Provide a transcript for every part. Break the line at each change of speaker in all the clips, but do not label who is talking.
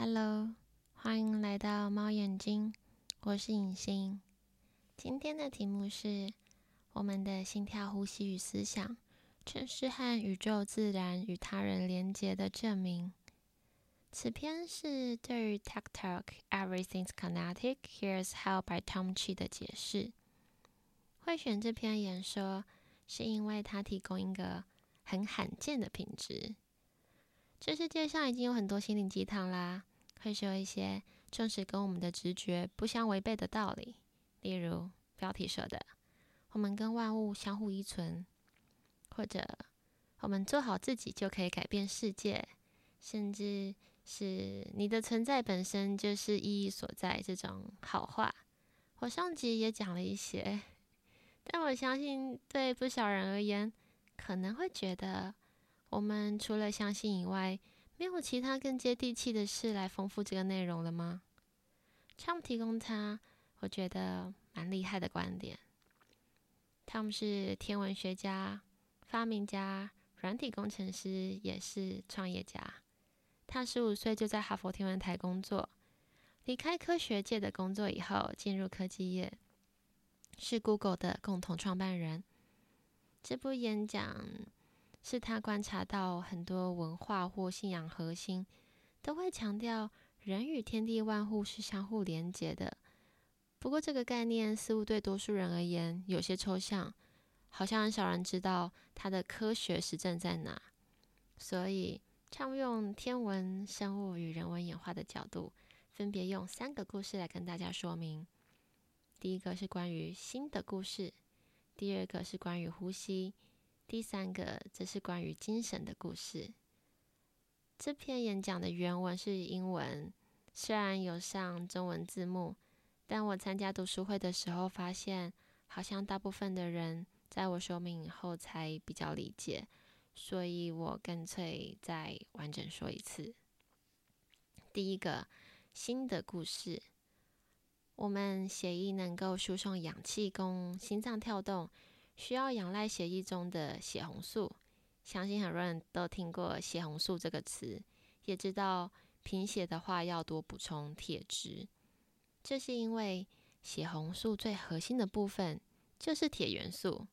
Hello，歡迎來到貓眼睛，我是影星。今天的題目是：我們的心跳、呼吸與思想，正是和宇宙、自然與他人連結的證明。此篇是對於 Ted Talk Everything is connected Here's How by Tom Chi 的解釋。會選這篇演說，是因為它提供一個很罕見的品質。這世界上已經有很多心靈雞湯啦，會說一些正是跟我們的直覺不相違背的道理，例如標題說的“我們跟萬物相互依存”，或者“我們做好自己就可以改變世界”，甚至是“你的存在本身就是意義所在”這種好話。我上集也講了一些，但我相信對不少人而言，可能會覺得。我們除了相信以外，沒有其他更接地氣的事來豐富這個內容了嗎？湯姆提供他，我覺得蠻厲害的觀點。湯姆是天文學家、發明家、軟體工程師，也是創業家。他十五歲就在哈佛天文台工作，離開科學界的工作以後，進入科技業，是 Google 的共同創辦人。這部演講。是他觀察到很多文化或信仰核心都會強調人與天地萬物是相互連接的。不過，這個概念似乎對多數人而言有些抽象，好像很少人知道它的科學實證在哪。所以，常用天文、生物與人文演化的角度，分別用三個故事來跟大家說明。第一個是關於心的故事，第二個是關於呼吸。第三個，這是關於精神的故事。這篇演講的原文是英文，雖然有上中文字幕，但我參加讀書會的時候發現，好像大部分的人在我說明以後才比較理解，所以我乾脆再完整說一次。第一個，心的故事。我們血液能夠輸送氧氣供心臟跳動。需要仰賴血液中的血紅素，相信很多人都聽過血紅素這個詞，也知道貧血的話要多補充鐵質，這是因為血紅素最核心的部分就是鐵元素，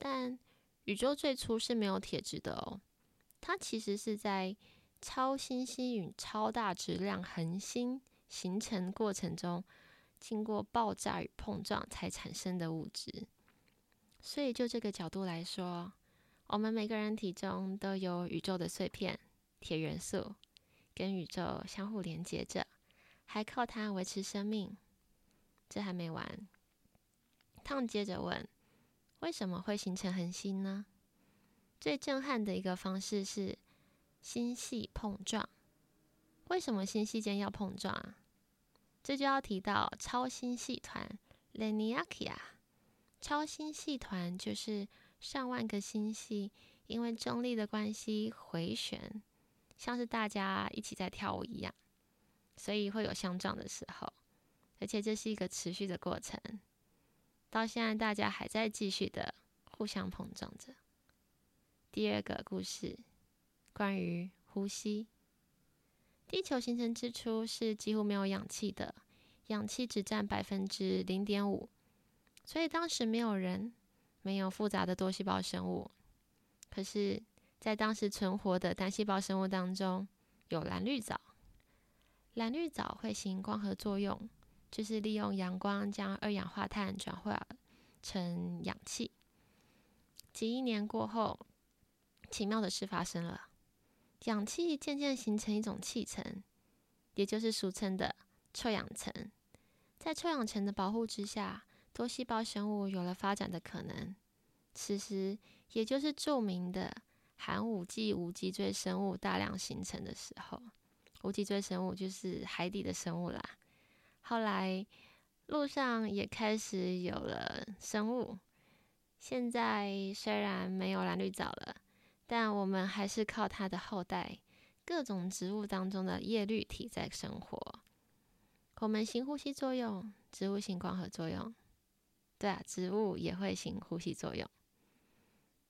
但宇宙最初是沒有鐵質的哦，它其實是在超新星與超大質量恆星形成過程中，經過爆炸與碰撞才產生的物質。所以，就這個角度來說，我們每個人體中都有宇宙的碎片，鐵元素跟宇宙相互連接着，還靠它維持生命。這還沒完，Tom 接着問：為什麼會形成恆星呢？最震撼的一個方式是星系碰撞。為什麼星系間要碰撞？這就要提到超星系團 Laniakea。超星系團就是上萬個星系因為重力的關係迴旋，像是大家一起在跳舞一樣，所以會有相撞的時候，而且這是一個持續的過程，到現在大家還在繼續的互相碰撞着。第二個故事，關於呼吸，地球形成之初是幾乎沒有氧氣的，氧氣只占百分之零點五。所以當時沒有人，沒有複雜的多細胞生物。可是，在當時存活的單細胞生物當中，有藍綠藻。藍綠藻會行光合作用，就是利用陽光將二氧化碳轉化成氧氣。幾億年過後，奇妙的事發生了，氧氣漸漸形成一種氣層，也就是俗稱的臭氧層。在臭氧層的保護之下，多細胞生物有了發展的可能，此時也就是著名的寒武紀無脊椎生物大量形成的時候。無脊椎生物就是海底的生物啦。後來陸上也開始有了生物。現在雖然沒有藍綠藻了，但我們還是靠它的後代，各種植物當中的葉綠體在生活。我們行呼吸作用，植物行光合作用。對啊，植物也會行呼吸作用。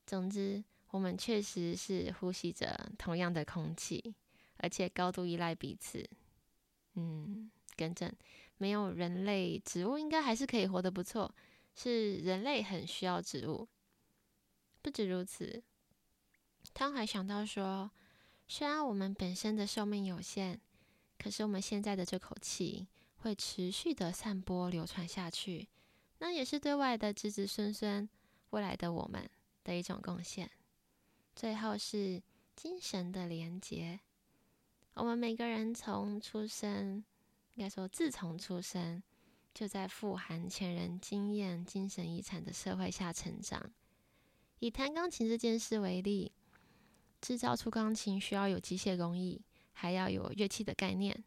總之，我們確實是呼吸着同樣的空氣，而且高度依賴彼此。嗯，更正，沒有人類，植物應該還是可以活得不錯。是人類很需要植物。不止如此，湯還想到說，雖然我們本身的壽命有限，可是我們現在的這口氣會持續的散播、流傳下去。那也是對外的子子孫孫、未來的我們的一種貢獻。最後是精神的連結。我們每個人從出生，應該說自從出生，就在富含前人經驗、精神遺產的社會下成長。以彈鋼琴這件事為例，製造出鋼琴需要有機械工藝，還要有樂器的概念。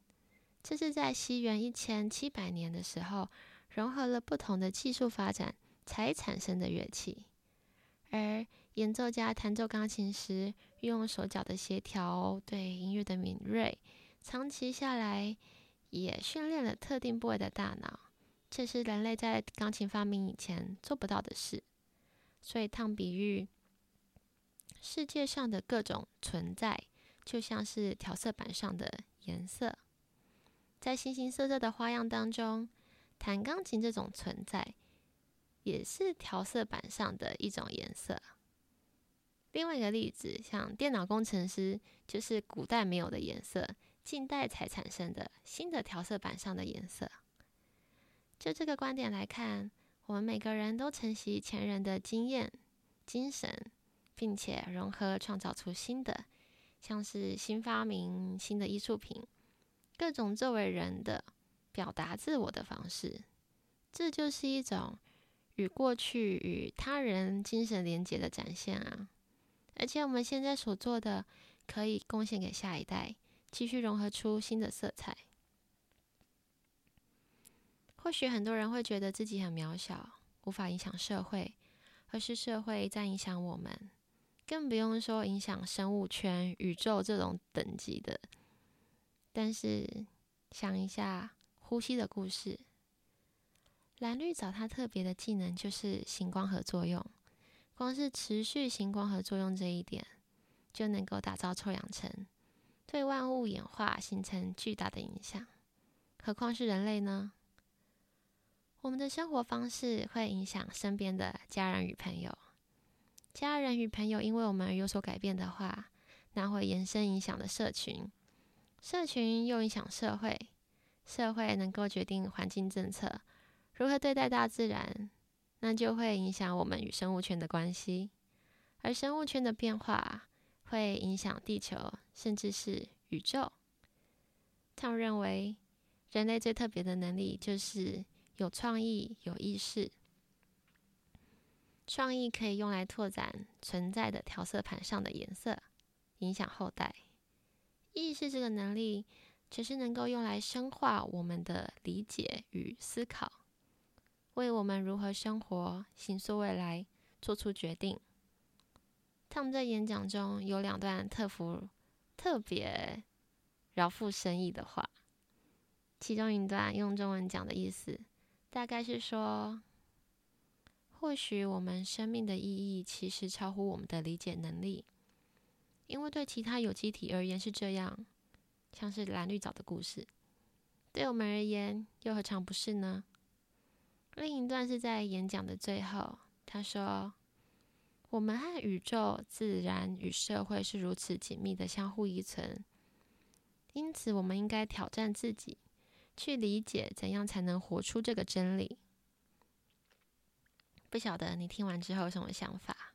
這是在西元一千七百年的時候。融合了不同的技術發展才產生的樂器，而演奏家彈奏鋼琴時，運用手腳的協調，對音樂的敏銳，長期下來也訓練了特定部位的大腦。這是人類在鋼琴發明以前做不到的事。所以，湯比喻世界上的各種存在，就像是調色板上的顏色，在形形色色的花樣當中。彈鋼琴這種存在，也是調色板上的一種顏色。另外一個例子，像電腦工程師，就是古代沒有的顏色，近代才產生的新的調色板上的顏色。就這個觀點來看，我們每個人都承襲前人的經驗、精神，並且融合創造出新的，像是新發明、新的藝術品，各種作為人的表達自我的方式，這就是一種與過去、與他人精神連結的展現啊。而且我們現在所做的，可以貢獻給下一代，繼續融合出新的色彩。或許很多人會覺得自己很渺小，無法影響社會，而是社會在影響我們，更不用說影響生物圈、宇宙這種等級的。但是，想一下，呼吸的故事，藍綠藻它特別的技能就是行光合作用。光是持續行光合作用這一點，就能夠打造臭氧層，對萬物演化形成巨大的影響。何況是人類呢？我們的生活方式會影響身邊的家人與朋友，家人與朋友因為我們而有所改變的話，那會延伸影響的社群，社群又影響社會。社會能夠決定環境政策如何對待大自然，那就會影響我們與生物圈的關係，而生物圈的變化會影響地球，甚至是宇宙。Tom 認為，人類最特別的能力就是有創意、有意識。創意可以用來拓展存在的調色盤上的顏色，影響後代。意識這個能力，只是能夠用來深化我們的理解與思考，為我們如何生活、形塑未來做出決定。他們在演講中有兩段特服、特別饒富深意的話，其中一段用中文講的意思，大概是說：或許我們生命的意義其實超乎我們的理解能力，因為對其他有機體而言是這樣。像是藍綠藻的故事，對我們而言又何嘗不是呢？另一段是在演講的最後，他說：“我們和宇宙、自然與社會是如此緊密的相互依存，因此我們應該挑戰自己，去理解怎樣才能活出這個真理。”不曉得你聽完之後有什麼想法？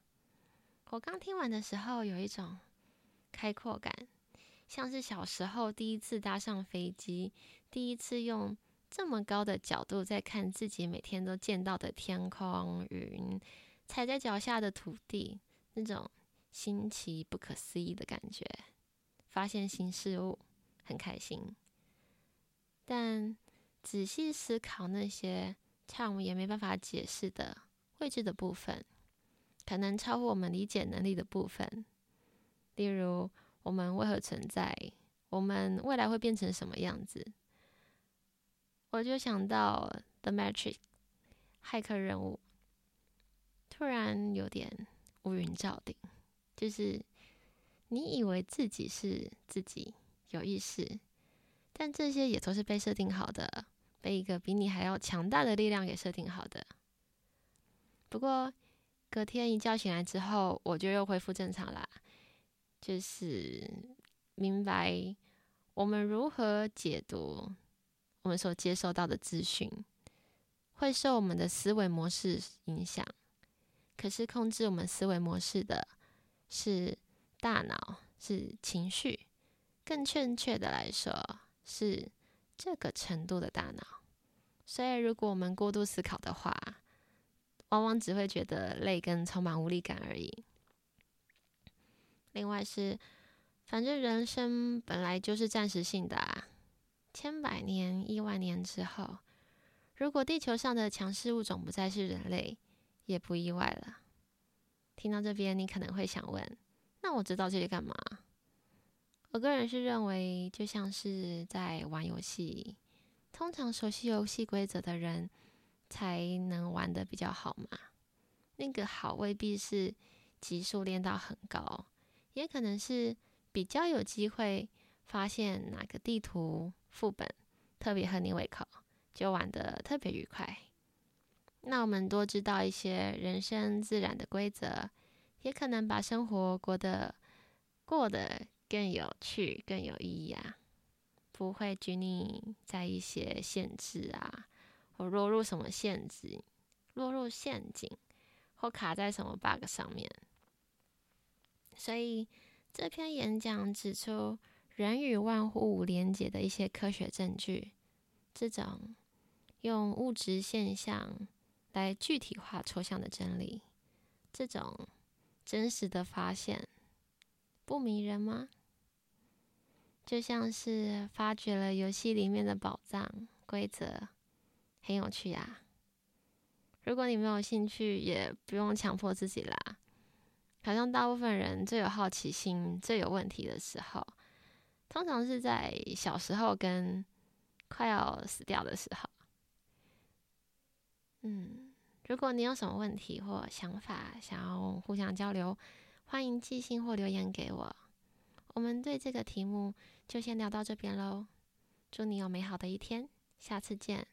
我剛聽完的時候有一種開闊感。像是小時候第一次搭上飛機，第一次用這麼高的角度在看自己每天都見到的天空、雲，踩在腳下的土地，那種新奇、不可思議的感覺，發現新事物，很開心。但仔細思考那些差，我們也沒辦法解釋的未知的部分，可能超乎我們理解能力的部分，例如。我們為何存在？我們未來會變成什麼樣子？我就想到《The Matrix》駭客任務，突然有點烏雲罩頂，就是你以為自己是自己有意識，但這些也都是被設定好的，被一個比你還要強大的力量給設定好的。不過隔天一覺醒來之後，我就又恢復正常啦。就是明白，我們如何解讀我們所接收到的資訊，會受我們的思維模式影響。可是，控制我們思維模式的是大腦，是情緒。更確切的來說，是這個程度的大腦。所以，如果我們過度思考的話，往往只會覺得累，跟充滿無力感而已。另外是，反正人生本來就是暫時性的啊。千百年、億萬年之後，如果地球上的強勢物種不再是人類，也不意外了。聽到這邊，你可能會想問：那我知道這些幹嘛？我個人是認為，就像是在玩遊戲，通常熟悉遊戲規則的人，才能玩的比較好嘛。那個好，未必是級數練到很高。也可能是比較有機會發現哪個地圖副本特別合你胃口，就玩得特別愉快。那我們多知道一些人生自然的規則，也可能把生活過得過得更有趣、更有意義啊，不會拘泥在一些限制啊，或落入什麼限制、落入陷阱，或卡在什麼 bug 上面。所以這篇演講指出人與萬物連結的一些科學證據，這種用物質現象來具體化抽象的真理，這種真實的發現，不迷人嗎？就像是發掘了遊戲裡面的寶藏規則，很有趣啊！如果你沒有興趣，也不用強迫自己啦。好像大部分人最有好奇心、最有問題的時候，通常是在小時候跟快要死掉的時候。嗯，如果你有什麼問題或想法想要互相交流，歡迎寄信或留言給我。我們對這個題目就先聊到這邊嘍。祝你有美好的一天，下次見。